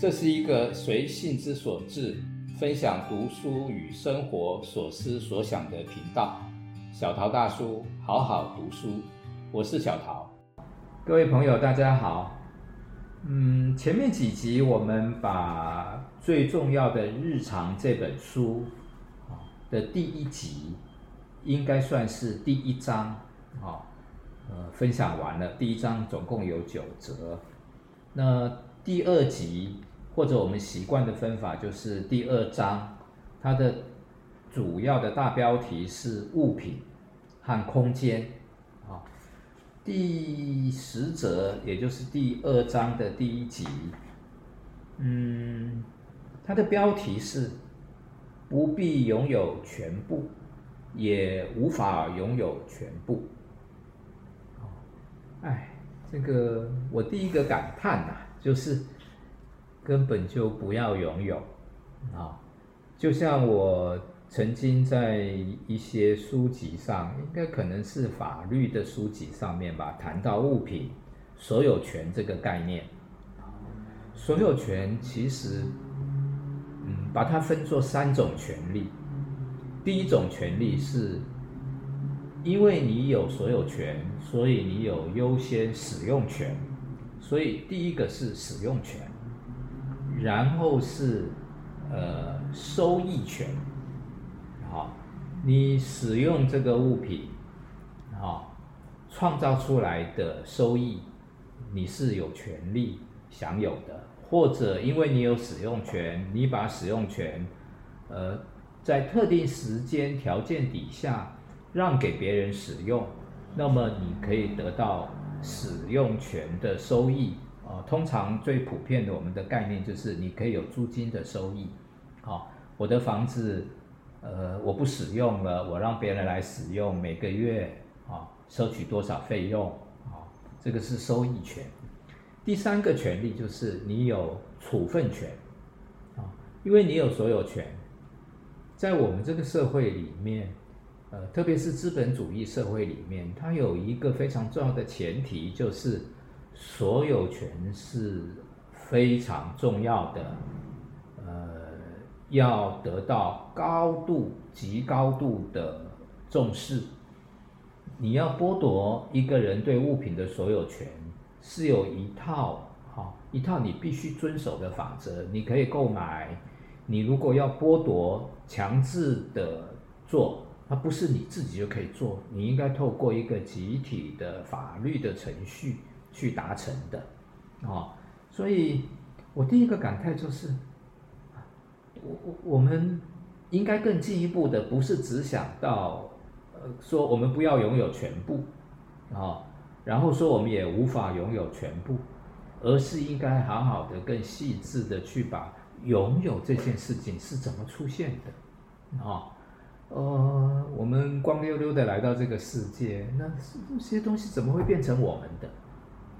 這是一個隨性之所至，分享讀書與生活所思所想的頻道。小陶大叔，好好讀書，我是小陶。各位朋友，大家好。嗯，前面幾集我們把《最重要的日常》這本書啊的第一集，應該算是第一章啊、哦，呃，分享完了。第一章總共有九則，那第二集。或者我們習慣的分法就是第二章，它的主要的大標題是物品和空間，啊、哦，第十則也就是第二章的第一集，嗯，它的標題是不必擁有全部，也無法擁有全部，哎、哦，這個我第一個感嘆吶、啊，就是。根本就不要擁有，啊，就像我曾經在一些書籍上，應該可能是法律的書籍上面吧，談到物品所有權這個概念，所有權其實，嗯，把它分作三種權利。第一種權利是，因為你有所有權，所以你有優先使用權，所以第一個是使用權。然後是，呃，收益權，好，你使用這個物品，好，創造出來的收益，你是有權利享有的。或者因為你有使用權，你把使用權，呃，在特定時間條件底下，讓給別人使用，那麼你可以得到使用權的收益。哦，通常最普遍的我們的概念就是你可以有租金的收益，哦。我的房子，呃，我不使用了，我讓別人來使用，每個月啊，哦，收取多少費用，啊，哦，這個是收益權。第三個權利就是你有處分權，啊，哦，因為你有所有權。在我們這個社會裡面，呃，特別是資本主義社會裡面，它有一個非常重要的前提就是。所有權是非常重要的，呃，要得到高度、極高度的重視。你要剝奪一個人對物品的所有權，是有一套好、一套你必須遵守的法則。你可以購買，你如果要剝奪、強制的做，它不是你自己就可以做，你應該透過一個集體的法律的程序，去達成的，啊、哦，所以，我第一個感慨就是，我我我們應該更進一步的，不是只想到，呃，說我們不要擁有全部，啊、哦，然後說我們也無法擁有全部，而是應該好好的、更細緻的去把擁有這件事情是怎麼出現的，啊、哦，呃，我們光溜溜的來到這個世界，那這些東西怎麼會變成我們的？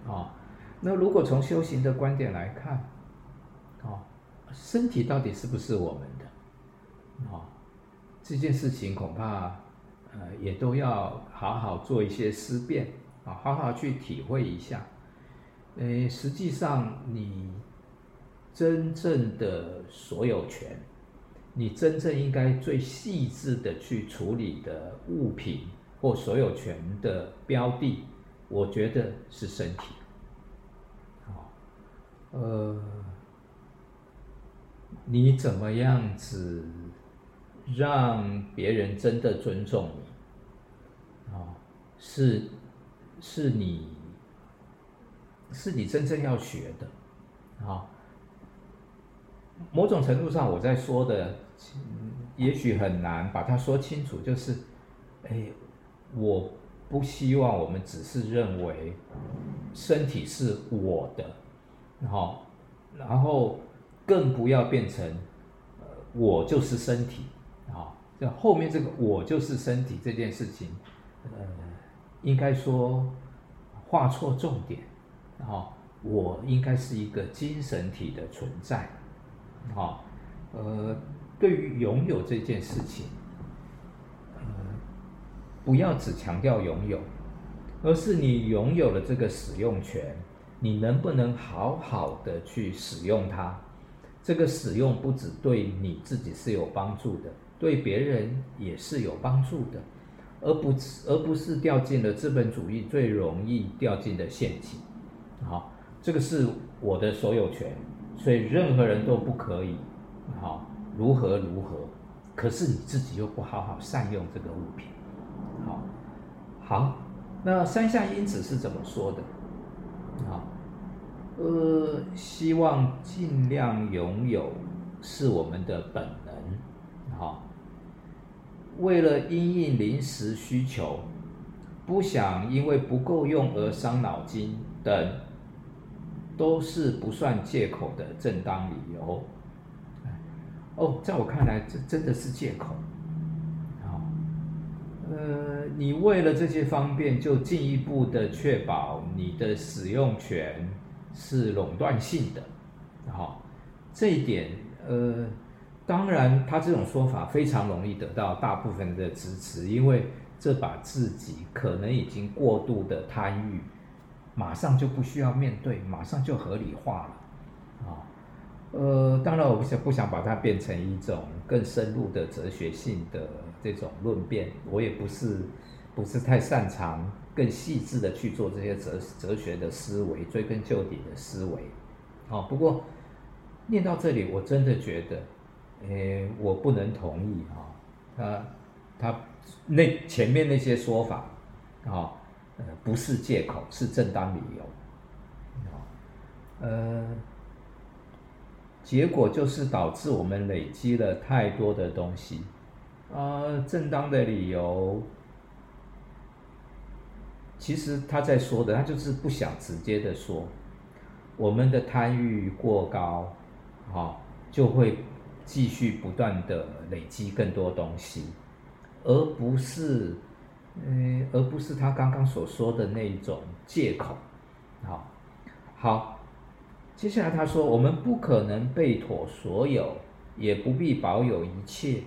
啊，那如果從修行的觀點來看，啊，身體到底是不是我們的？啊，這件事情恐怕呃也都要好好做一些思辨，啊，好好去體會一下。誒，實際上你真正的所有權，你真正應該最細緻的去處理的物品或所有權的標的。我覺得是身體，啊、哦。呃，你怎麼樣子讓別人真的尊重你啊、哦？是，是你，是你真正要學的啊、哦。某種程度上，我在說的，也許很難把它說清楚，就是，哎，我。不希望我們只是認為身體是我的，好，然後更不要變成，呃，我就是身體，啊，這後面這個我就是身體這件事情，呃，應該說畫錯重點，然後我應該是一個精神體的存在，啊，呃，對於擁有這件事情。不要只強調擁有，而是你擁有了這個使用權，你能不能好好的去使用它？這個使用不只對你自己是有幫助的，對別人也是有幫助的，而不而不是掉進了資本主義最容易掉進的陷阱。好、哦，這個是我的所有權，所以任何人都不可以。好、哦，如何如何？可是你自己又不好好善用這個物品。好好，那三項因子是怎麼說的？啊，呃，希望盡量擁有是我們的本能，好，為了因應臨時需求，不想因為不夠用而傷腦筋等，都是不算借口的正當理由。哦，在我看來，這真的是借口。呃，你為了這些方便，就進一步的確保你的使用權是壟斷性的，好，這一點，呃，當然他這種說法非常容易得到大部分的支持，因為這把自己可能已經過度的貪慾，馬上就不需要面對，馬上就合理化了，啊。呃，當然，我不想不想把它變成一種更深入的哲學性的這種論辯。我也不是不是太擅長更細緻的去做這些哲哲學的思維、追根究底的思維。好、哦，不過念到這裡，我真的覺得，誒，我不能同意啊。他、哦、他那前面那些說法啊、哦呃，不是借口，是正當理由。哦、呃。結果就是導致我們累積了太多的東西，啊、呃，正當的理由。其實他在說的，他就是不想直接的說，我們的貪欲過高，啊、哦，就會繼續不斷的累積更多東西，而不是，嗯、呃，而不是他剛剛所說的那一種借口，好、哦，好。接下來他說：“我們不可能備妥所有，也不必保有一切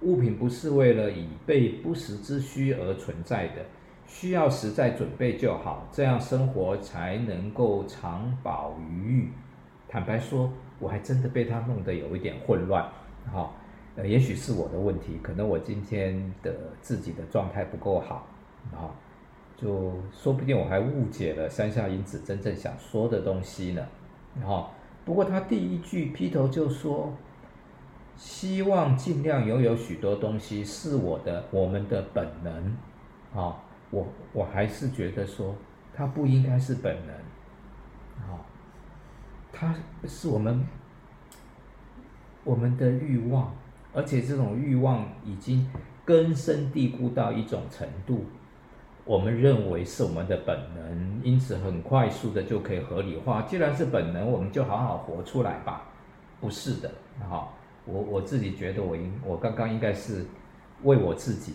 物品，不是為了以備不時之需而存在的，需要時再準備就好，這樣生活才能夠長保餘裕。”坦白說，我還真的被他弄得有一點混亂。哈、哦、呃，也許是我的問題，可能我今天的自己的狀態不夠好，啊、哦，就說不定我還誤解了山下英子真正想說的東西呢。然後、哦，不過他第一句劈頭就說：“希望儘量擁有許多東西是我的我們的本能。”哦，啊，我我還是覺得說，他不應該是本能，啊、哦，他是我們我們的慾望，而且這種慾望已經根深蒂固到一種程度。我們認為是我們的本能，因此很快速的就可以合理化。既然是本能，我們就好好活出來吧。不是的，好，我我自己覺得我應，我剛剛應該是為我自己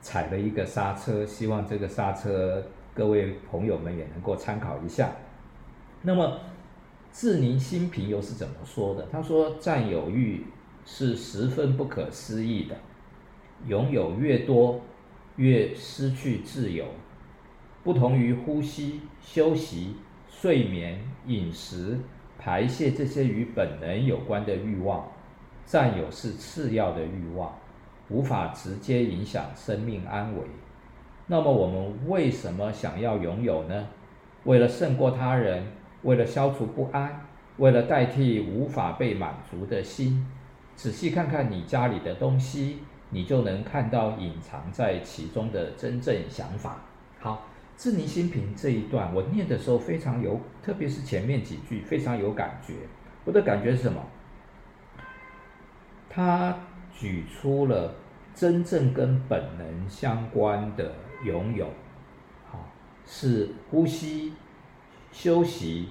踩了一個剎車，希望這個剎車各位朋友們也能夠參考一下。那麼智寧新平又是怎麼說的？他說，占有欲是十分不可思議的，擁有越多。越失去自由。不同於呼吸、休息、睡眠、飲食、排泄這些與本能有關的欲望，占有是次要的欲望，無法直接影響生命安危。那麼，我們為什麼想要擁有呢？為了勝過他人，為了消除不安，為了代替無法被滿足的心。仔細看看你家裡的東西。你就能看到隱藏在其中的真正想法。好，智尼心平，這一段，我念的時候非常有，特別是前面幾句非常有感覺。我的感覺是什麼？他舉出了真正跟本能相關的擁有，好，是呼吸、休息、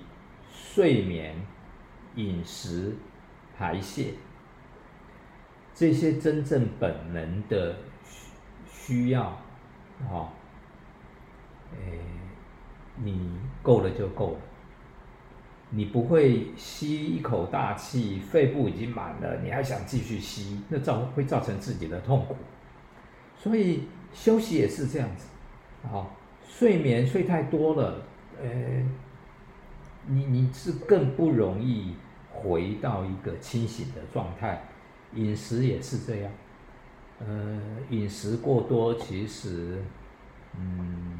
睡眠、飲食、排泄。這些真正本能的需需要，啊、哦，誒，你夠了就夠了，你不會吸一口大氣，肺部已經滿了，你還想繼續吸，那造會造成自己的痛苦。所以休息也是這樣子，啊、哦，睡眠睡太多了，誒，你你是更不容易回到一個清醒的狀態。飲食也是這樣，呃，飲食過多，其實，嗯，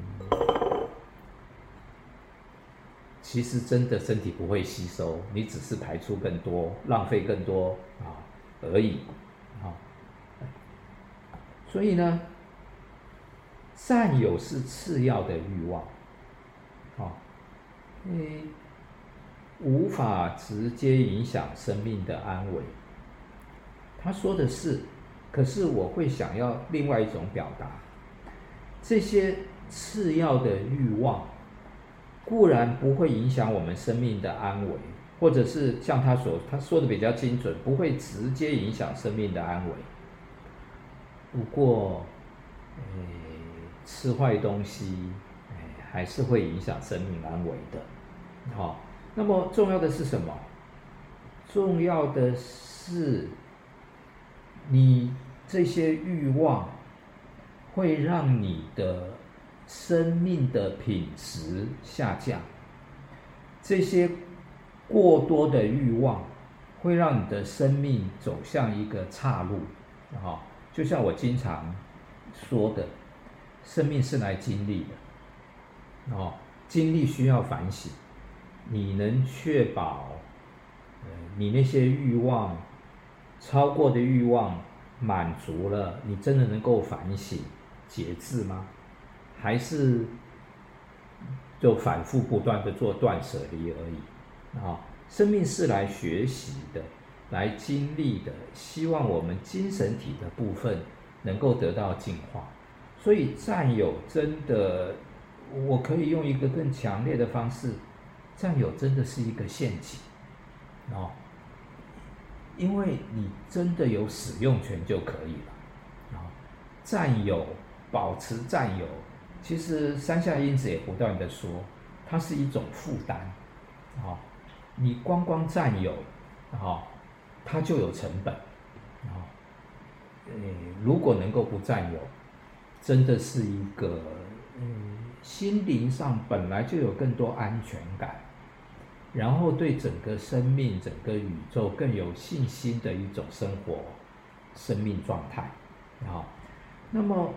其實真的身體不會吸收，你只是排出更多，浪費更多啊而已，啊，所以呢，占有是次要的欲望，啊，你、嗯、無法直接影響生命的安危。他說的是，可是我會想要另外一種表達。這些次要的慾望固然不會影響我們生命的安危，或者是像他所他說的比較精準，不會直接影響生命的安危。不過，誒，吃壞東西，哎，還是會影響生命安危的。好，那麼重要的是什麼？重要的是。你這些慾望，會讓你的生命的品質下降。這些過多的慾望，會讓你的生命走向一個岔路。啊，就像我經常說的，生命是來經歷的。哦，經歷需要反省。你能確保，你那些慾望？超過的慾望滿足了，你真的能夠反省節制嗎？還是就反覆不斷的做斷捨離而已？啊、哦，生命是來學習的，來經歷的，希望我們精神體的部分能夠得到淨化。所以佔有真的，我可以用一個更強烈的方式，佔有真的是一個陷阱，啊、哦。因為你真的有使用權就可以了，啊，占有、保持占有，其實山下英子也不斷地說，它是一種負擔，啊，你光光占有，啊，它就有成本，啊，呃，如果能夠不占有，真的是一個，嗯，心靈上本來就有更多安全感。然後對整個生命、整個宇宙更有信心的一種生活，生命狀態，啊、哦，那麼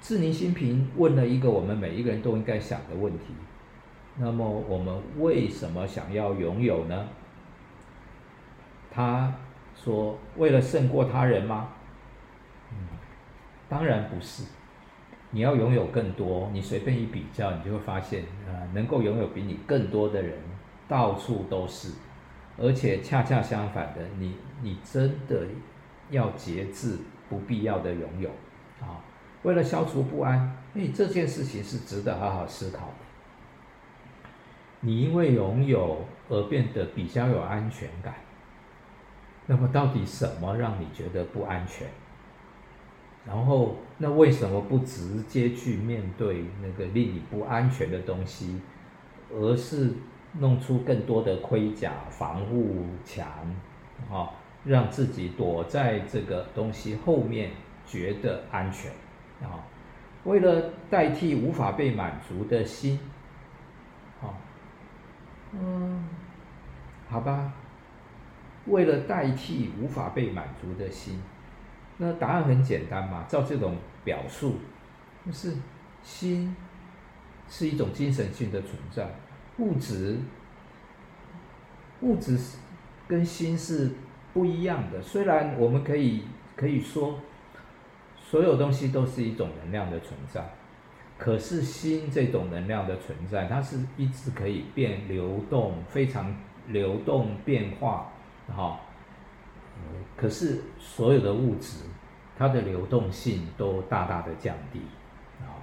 智寧新平問了一個我們每一個人都應該想的問題，那麼我們為什麼想要擁有呢？他說為了勝過他人嗎？嗯，當然不是。你要擁有更多，你隨便一比較，你就會發現，呃，能夠擁有比你更多的人，到處都是，而且恰恰相反的，你你真的要節制不必要的擁有，啊、哦，為了消除不安，哎、欸，這件事情是值得好好思考的。你因為擁有而變得比較有安全感，那麼到底什麼讓你覺得不安全？然後，那為什麼不直接去面對那個令你不安全的東西，而是弄出更多的盔甲、防護牆，啊、哦，讓自己躲在這個東西後面覺得安全，啊、哦，為了代替無法被滿足的心，啊、哦，嗯，好吧，為了代替無法被滿足的心。那答案很簡單嘛，照這種表述，就是心是一種精神性的存在，物質物質是跟心是不一樣的。雖然我們可以可以說所有東西都是一種能量的存在，可是心這種能量的存在，它是一直可以變流動，非常流動變化，哈。嗯、可是所有的物質，它的流動性都大大的降低，啊，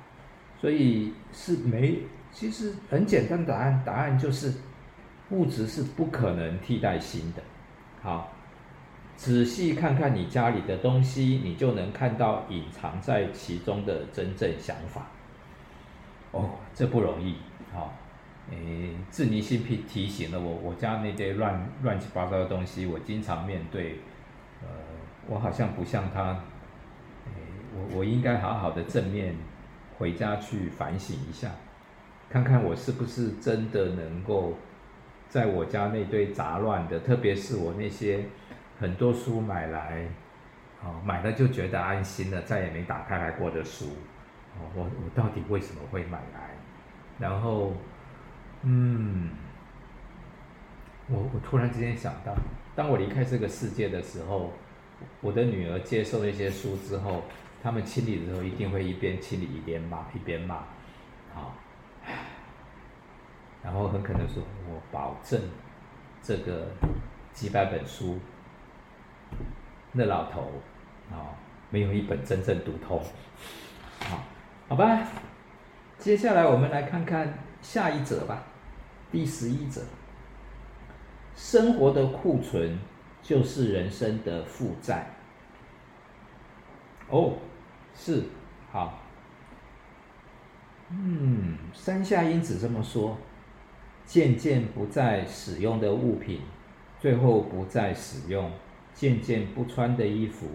所以是沒。其實很簡單的答案，答案就是物質是不可能替代新的。好，仔細看看你家裡的東西，你就能看到隱藏在其中的真正想法。哦，這不容易，好。誒、欸，自寧先提提醒了我，我家那堆亂亂七八糟的東西，我經常面對。呃，我好像不像他。欸、我我應該好好的正面回家去反省一下，看看我是不是真的能夠在我家那堆雜亂的，特別是我那些很多書買來，啊、哦，買了就覺得安心了，再也沒打開來過的書，哦，我我到底為什麼會買來？然後。嗯，我我突然之間想到，當我離開這個世界的時候，我的女兒接受了一些書之後，他們清理的時候一定會一邊清理一邊罵，一邊罵，啊，然後很可能說我保證這個幾百本書，那老頭啊，哦，沒有一本真正讀通，好，好吧，接下來我們來看看下一則吧。第十一則：生活的庫存就是人生的負債。哦，是好。嗯，山下英子這麼說：漸漸不再使用的物品，最後不再使用；漸漸不穿的衣服，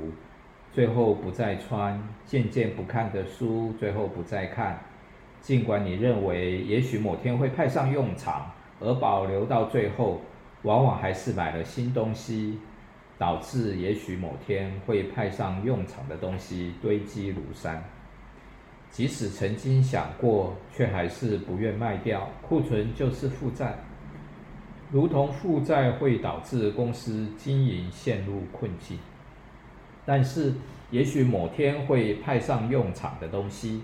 最後不再穿；漸漸不看的書，最後不再看。儘管你認為也許某天會派上用場，而保留到最後，往往還是買了新東西，導致也許某天會派上用場的東西堆積如山。即使曾經想過，卻還是不願賣掉。庫存就是負債，如同負債會導致公司經營陷入困境。但是，也許某天會派上用場的東西，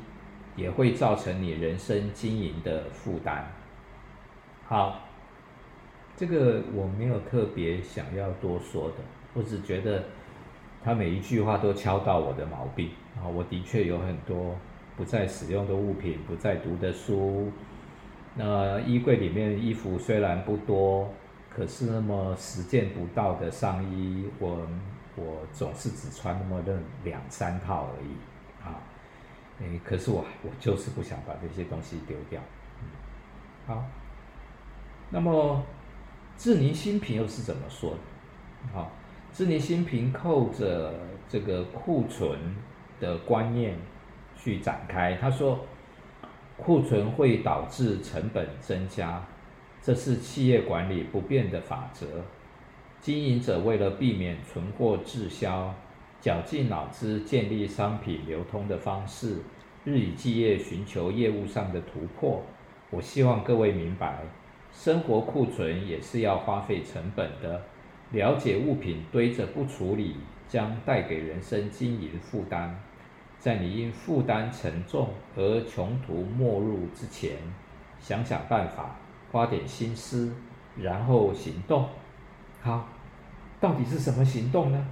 也會造成你人生經營的負擔。好，這個我沒有特別想要多說的，我只覺得他每一句話都敲到我的毛病啊！我的確有很多不再使用的物品，不再讀的書。那衣櫃裡面衣服雖然不多，可是那麼十件不到的上衣，我我總是只穿那麼兩兩三套而已。哎，可是我我就是不想把這些東西丟掉。嗯、好，那麼智寧新品又是怎麼說的？哦、智寧新品扣着這個庫存的觀念去展開，他說庫存會導致成本增加，這是企業管理不變的法則。經營者為了避免存貨滯銷。絞盡腦汁建立商品流通的方式，日以繼夜尋求業務上的突破。我希望各位明白，生活庫存也是要花費成本的。了解物品堆着不處理，將帶給人生經營負擔。在你因負擔沉重而窮途末路之前，想想辦法，花點心思，然後行動。好，到底是什麼行動呢？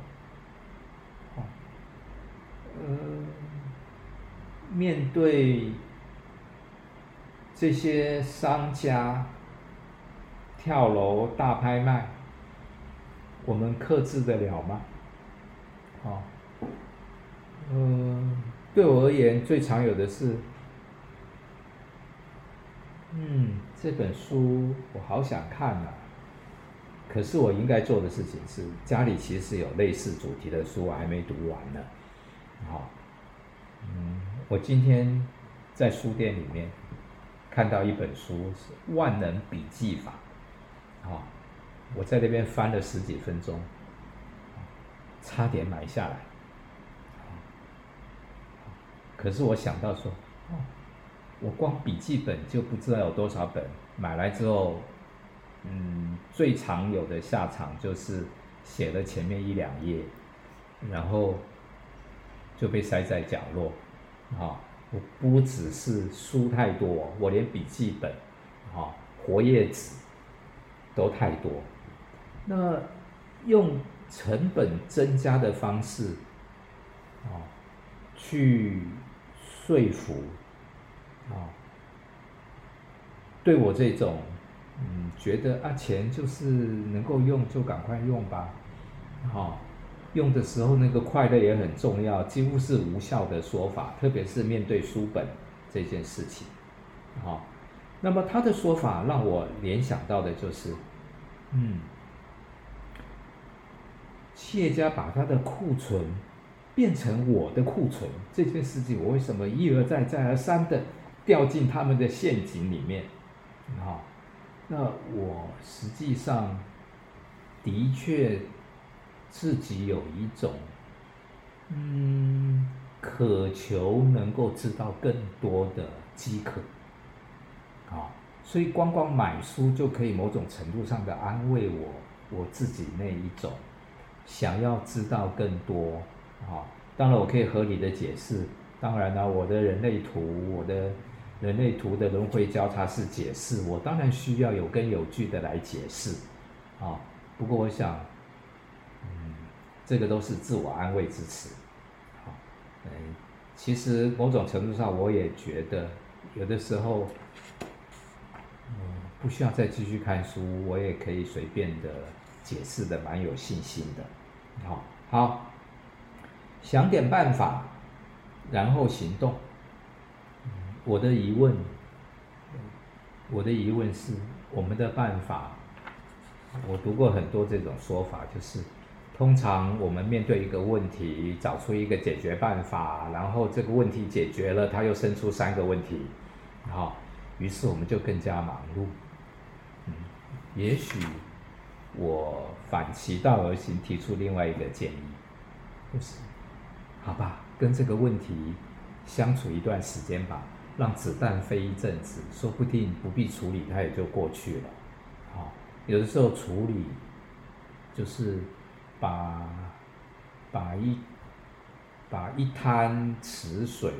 嗯、呃，面對這些商家跳樓大拍賣，我們克制得了嗎？哦，嗯、呃，對我而言最常有的是，嗯，這本書我好想看吶、啊，可是我應該做的事情是，家裡其實有類似主題的書，我還沒讀完呢。好、哦，嗯，我今天在書店裡面看到一本書是《萬能筆記法》，啊、哦，我在那邊翻了十幾分鐘，差點買下來、哦。可是我想到說，哦、我光筆記本就不知道有多少本，買來之後，嗯，最常有的下場就是寫了前面一兩頁，然後。就被塞在角落，啊、哦！我不只是書太多，我連筆記本，啊、哦，活頁紙都太多。那用成本增加的方式，啊、哦，去說服啊、哦，對我這種，嗯，覺得啊，錢就是能夠用就趕快用吧，哦用的時候那個快樂也很重要，幾乎是無效的說法，特別是面對書本這件事情。好、哦，那麼他的說法讓我聯想到的就是，嗯，企業家把他的庫存變成我的庫存這件事情，我為什麼一而再、再而三的掉進他們的陷阱裡面？啊、哦，那我實際上的確。自己有一種，嗯，渴求能夠知道更多的飢渴，啊、哦，所以光光買書就可以某種程度上的安慰我，我自己那一種想要知道更多啊、哦。當然我可以合理的解釋，當然呢，我的人類圖，我的人類圖的輪回交叉式解釋，我當然需要有根有據的來解釋，啊、哦，不過我想。這個都是自我安慰之詞，好，嗯，其實某種程度上，我也覺得有的時候，嗯，不需要再繼續看書，我也可以隨便的解釋的蠻有信心的，好好想點辦法，然後行動。我的疑問，我的疑問是，我們的辦法，我讀過很多這種說法，就是。通常我們面對一個問題，找出一個解決辦法，然後這個問題解決了，它又生出三個問題，好，於是我們就更加忙碌。嗯，也許我反其道而行，提出另外一個建議，就是，好吧，跟這個問題相處一段時間吧，讓子彈飛一陣子，說不定不必處理它也就過去了。好、哦，有的時候處理就是。把把一把一灘池水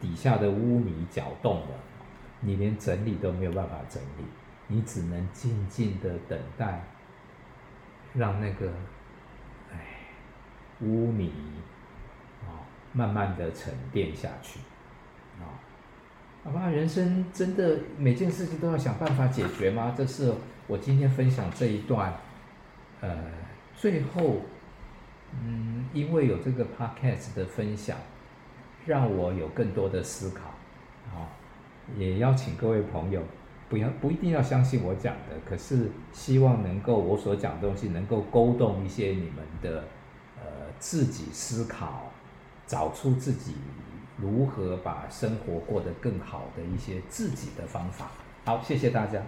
底下的污泥攪動了，你連整理都沒有辦法整理，你只能靜靜的等待，讓那個唉污泥啊、哦、慢慢的沉澱下去，啊、哦，好吧，人生真的每件事情都要想辦法解決嗎？這是我今天分享這一段，呃。最後，嗯，因為有這個 podcast 的分享，讓我有更多的思考。啊、哦，也邀請各位朋友，不要不一定要相信我講的，可是希望能夠我所講的東西能夠勾動一些你們的，呃，自己思考，找出自己如何把生活過得更好的一些自己的方法。好，謝謝大家。